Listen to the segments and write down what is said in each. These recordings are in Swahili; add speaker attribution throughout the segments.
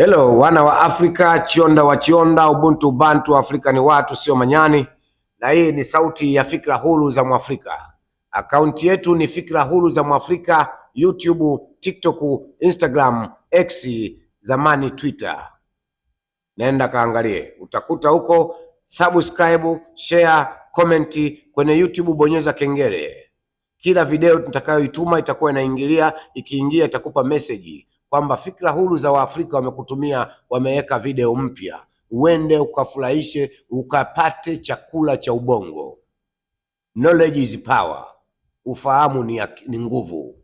Speaker 1: Hello wana wa Afrika, chionda wa chionda, ubuntu bantu, Afrika ni watu sio manyani, na hii ni sauti ya fikra huru za Mwafrika. Akaunti yetu ni fikra huru za Mwafrika, YouTube, TikTok, Instagram, X, zamani Twitter. Naenda kaangalie, utakuta huko. Subscribe, share, comment kwenye YouTube, bonyeza kengele. Kila video tutakayoituma itakuwa inaingilia, ikiingia itakupa message kwamba fikra huru za Waafrika wamekutumia, wameweka video mpya, uende ukafurahishe, ukapate chakula cha ubongo. Knowledge is power, ufahamu ni, ni nguvu.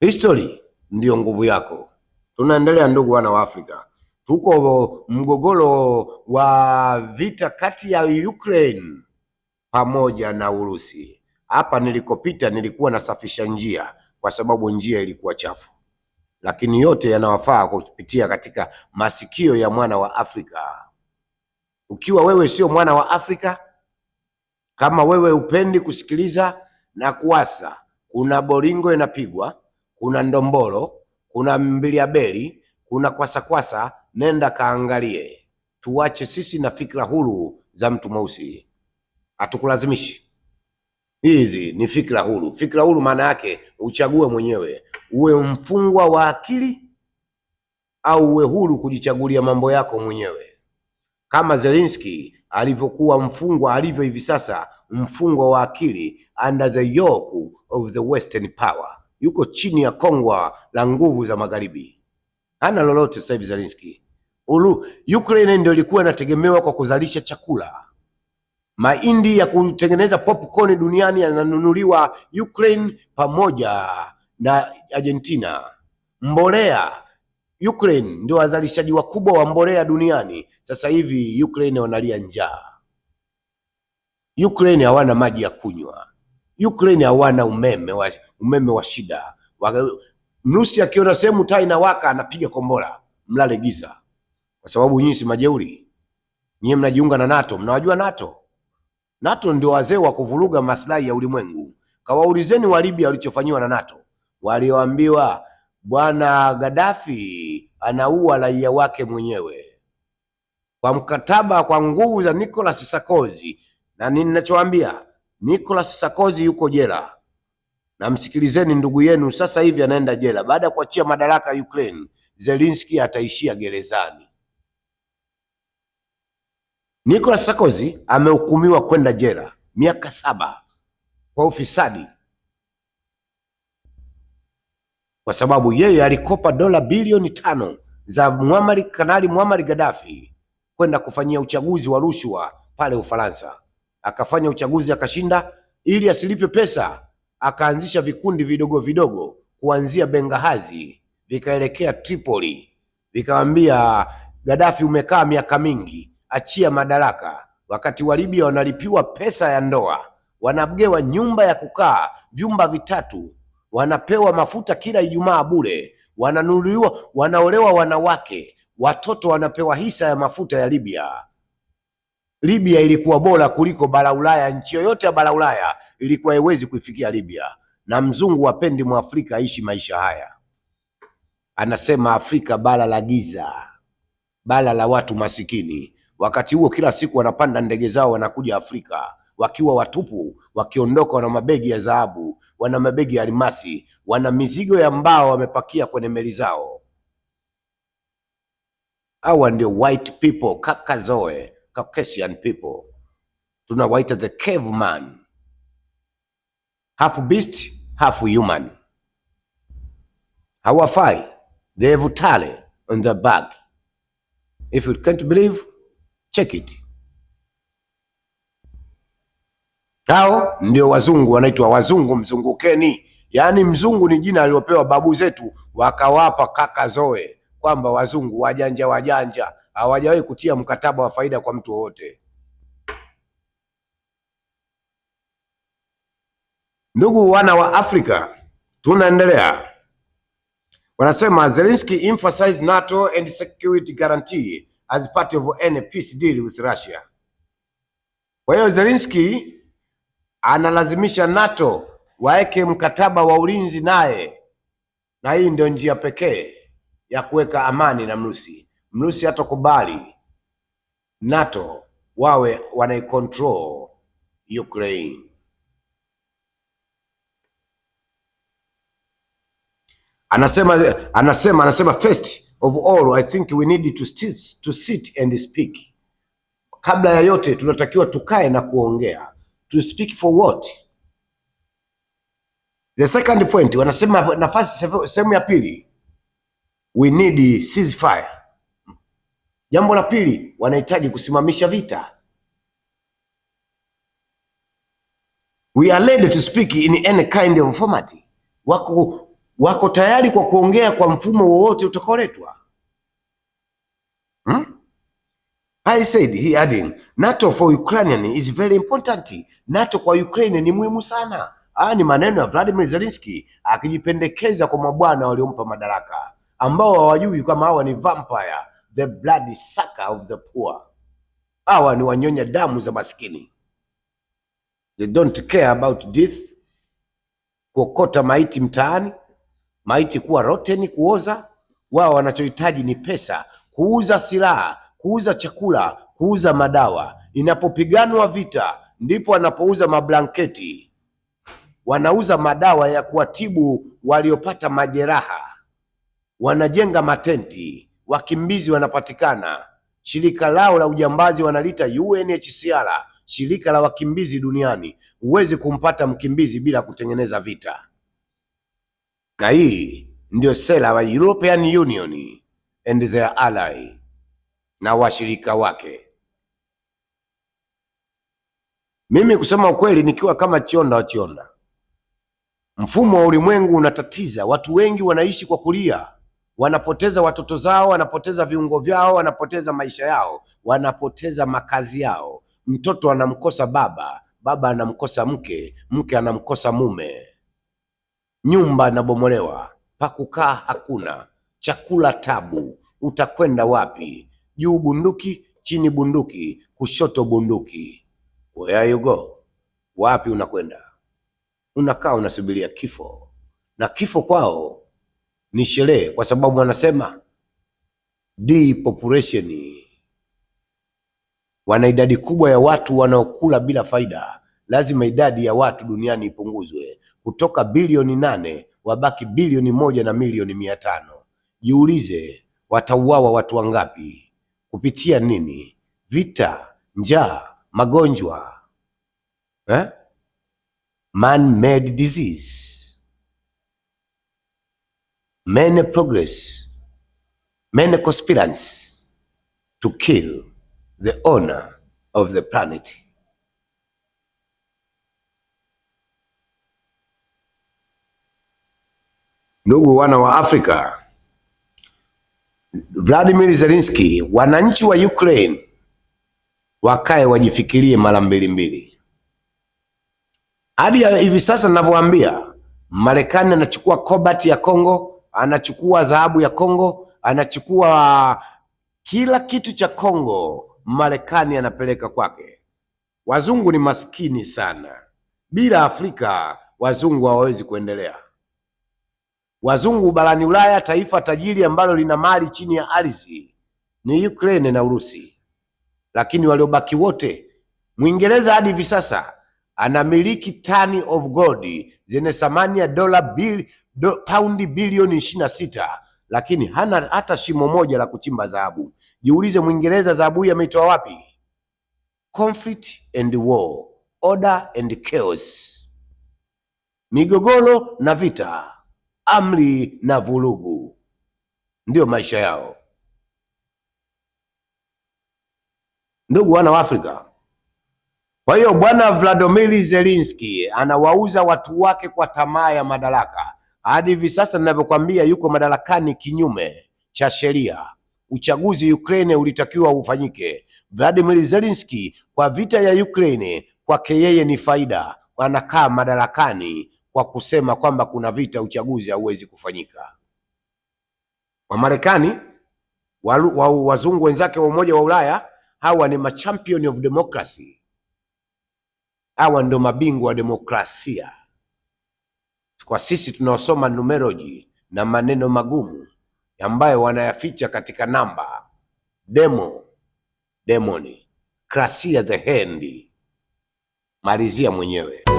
Speaker 1: History ndiyo nguvu yako. Tunaendelea ndugu wana wa Afrika, tuko mgogoro wa vita kati ya Ukraine pamoja na Urusi. Hapa nilikopita nilikuwa nasafisha njia kwa sababu njia ilikuwa chafu, lakini yote yanawafaa kupitia katika masikio ya mwana wa Afrika. Ukiwa wewe sio mwana wa Afrika, kama wewe upendi kusikiliza na kuasa, kuna boringo inapigwa, kuna ndombolo, kuna mbiliabeli, kuna kwasakwasa kwasa, nenda kaangalie. Tuwache sisi na fikra huru za mtu mweusi, hatukulazimishi. Hizi ni fikra huru. Fikra huru maana yake uchague mwenyewe, uwe mfungwa wa akili au uwe huru kujichagulia mambo yako mwenyewe, kama Zelensky alivyokuwa mfungwa, alivyo hivi sasa, mfungwa wa akili, under the yoke of the western power, yuko chini ya kongwa la nguvu za magharibi. Hana lolote sasa hivi Zelensky. Ukraine ndio ilikuwa inategemewa kwa kuzalisha chakula Mahindi ya kutengeneza popcorn duniani yananunuliwa Ukraine pamoja na Argentina. Mbolea Ukraine ndio wazalishaji wakubwa wa mbolea duniani. Sasa hivi Ukraine wanalia njaa. Ukraine hawana maji ya kunywa. Ukraine hawana umeme wa, umeme wa shida. Mrusi akiona sehemu taa inawaka anapiga kombora, mlale giza, kwa sababu nyinyi si majeuri. Nyinyi mnajiunga na NATO, mnawajua NATO NATO ndio wazee wa kuvuruga maslahi ya ulimwengu. Kawaulizeni wa Libya walichofanyiwa na NATO, walioambiwa bwana Gaddafi anaua raia wake mwenyewe kwa mkataba, kwa nguvu za Nicolas Sarkozy. Na ninachowaambia Nicolas Sarkozy yuko jela, na msikilizeni ndugu yenu, sasa hivi anaenda jela baada ya kuachia madaraka ya Ukraine. Zelensky ataishia gerezani. Nicolas Sarkozy amehukumiwa kwenda jela miaka saba kwa ufisadi kwa sababu yeye alikopa dola bilioni tano za Muammar Kanali Muammar Gaddafi kwenda kufanyia uchaguzi wa rushwa pale Ufaransa. Akafanya uchaguzi akashinda, ili asilipe pesa akaanzisha vikundi vidogo vidogo kuanzia Bengahazi vikaelekea Tripoli, vikawambia Gaddafi, umekaa miaka mingi achia madaraka, wakati wa Libya wanalipiwa pesa ya ndoa, wanapewa nyumba ya kukaa vyumba vitatu, wanapewa mafuta kila Ijumaa bure, wananunuliwa, wanaolewa wanawake, watoto wanapewa hisa ya mafuta ya Libya. Libya ilikuwa bora kuliko bara Ulaya. Nchi yoyote ya bara Ulaya ilikuwa haiwezi kuifikia Libya, na mzungu mwa mwafrika aishi maisha haya. Anasema Afrika bara la giza, bara la watu masikini. Wakati huo kila siku wanapanda ndege zao wanakuja Afrika wakiwa watupu, wakiondoka wana mabegi ya dhahabu, wana mabegi ya almasi, wana mizigo ya mbao wamepakia kwenye meli zao. Hawa ndio white people, kaka zoe, Caucasian people tunawaita the caveman, half beast half human. Hawafai, they have tale on their back. If you can't believe check it. Hao ndio wazungu wanaitwa wazungu, mzungukeni. Yaani mzungu ni jina aliopewa babu zetu, wakawapa kaka zoe kwamba wazungu wajanja wajanja, hawajawahi kutia mkataba wa faida kwa mtu wowote. Ndugu wana wa Afrika, tunaendelea. Wanasema Zelensky emphasize NATO and security guarantee as part of any peace deal with Russia. Kwa hiyo Zelensky analazimisha NATO waeke mkataba wa ulinzi naye, na hii ndio njia pekee ya kuweka amani na Mrusi. Mrusi hatakubali NATO wawe wanaikontrol Ukraine. Anasema, anasema, anasema first of all, I think we need to sit, to sit and speak. Kabla ya yote tunatakiwa tukae na kuongea. To speak for what? The second point, wanasema nafasi sehemu ya pili, we need ceasefire. Jambo la pili, wanahitaji kusimamisha vita. We are led to speak in any kind of format. Wako wako tayari kwa kuongea kwa mfumo wowote utakaoletwa. Hmm? I said he adding, NATO for Ukrainian is very important. NATO kwa Ukraine ni muhimu sana. Haya ni maneno ya Vladimir Zelensky akijipendekeza kwa mabwana waliompa madaraka ambao hawajui kama hawa ni vampire, the blood sucker of the poor. Hawa ni wanyonya damu za maskini. They don't care about death, kuokota maiti mtaani maiti kuwa rotten, kuoza. Wao wanachohitaji ni pesa, kuuza silaha, kuuza chakula, kuuza madawa. Inapopiganwa vita, ndipo wanapouza mablanketi, wanauza madawa ya kuwatibu waliopata majeraha, wanajenga matenti, wakimbizi wanapatikana. Shirika lao la ujambazi wanalita UNHCR, shirika la wakimbizi duniani. Huwezi kumpata mkimbizi bila kutengeneza vita. Na hii ndio sera wa European Union and their ally na washirika wake. Mimi kusema ukweli, nikiwa kama chionda wa chionda, mfumo wa ulimwengu unatatiza watu wengi, wanaishi kwa kulia, wanapoteza watoto zao, wanapoteza viungo vyao, wanapoteza maisha yao, wanapoteza makazi yao. Mtoto anamkosa baba, baba anamkosa mke, mke anamkosa mume nyumba inabomolewa, pakukaa hakuna, chakula tabu, utakwenda wapi? Juu bunduki, chini bunduki, kushoto bunduki, where you go? Wapi unakwenda? Unakaa unasubiria kifo, na kifo kwao ni sherehe, kwa sababu wanasema depopulation, wana idadi kubwa ya watu wanaokula bila faida. Lazima idadi ya watu duniani ipunguzwe kutoka bilioni nane wabaki bilioni moja na milioni mia tano. Jiulize, watauawa watu wangapi? Kupitia nini? Vita, njaa, magonjwa eh? Man made disease many progress many conspiracy to kill the owner of the planet. Ndugu wana wa Afrika, Vladimir Zelensky, wananchi wa Ukraine wakae wajifikirie mara mbili mbili. Hadi hivi sasa ninavyowaambia, Marekani anachukua cobalt ya Kongo, anachukua dhahabu ya Kongo, anachukua kila kitu cha Kongo, Marekani anapeleka kwake. Wazungu ni maskini sana, bila Afrika wazungu hawawezi kuendelea. Wazungu barani Ulaya, taifa tajiri ambalo lina mali chini ya ardhi ni Ukraine na Urusi, lakini waliobaki wote, Mwingereza hadi hivi sasa anamiliki tani of gold zenye thamani ya dola bil, do, paundi bilioni ishirini na sita, lakini hana hata shimo moja la kuchimba dhahabu. Jiulize, Mwingereza dhahabu hii ameitoa wapi? Conflict and war, order and chaos, migogoro na vita amri na vurugu, ndiyo maisha yao. Ndugu wana wa Afrika, kwa hiyo bwana Vladimir Zelensky anawauza watu wake kwa tamaa ya madaraka. Hadi hivi sasa ninavyokwambia, yuko madarakani kinyume cha sheria. Uchaguzi Ukraine ulitakiwa ufanyike. Vladimir Zelensky kwa vita ya Ukraine kwake yeye ni faida, anakaa madarakani kwa kusema kwamba kuna vita, uchaguzi hauwezi kufanyika. Wamarekani wa wazungu wenzake wa Umoja wa Ulaya, hawa ni machampion of democracy, hawa ndo mabingwa wa demokrasia. Kwa sisi tunaosoma numeroji na maneno magumu ambayo wanayaficha katika namba, demo demoni krasia the hand, malizia mwenyewe.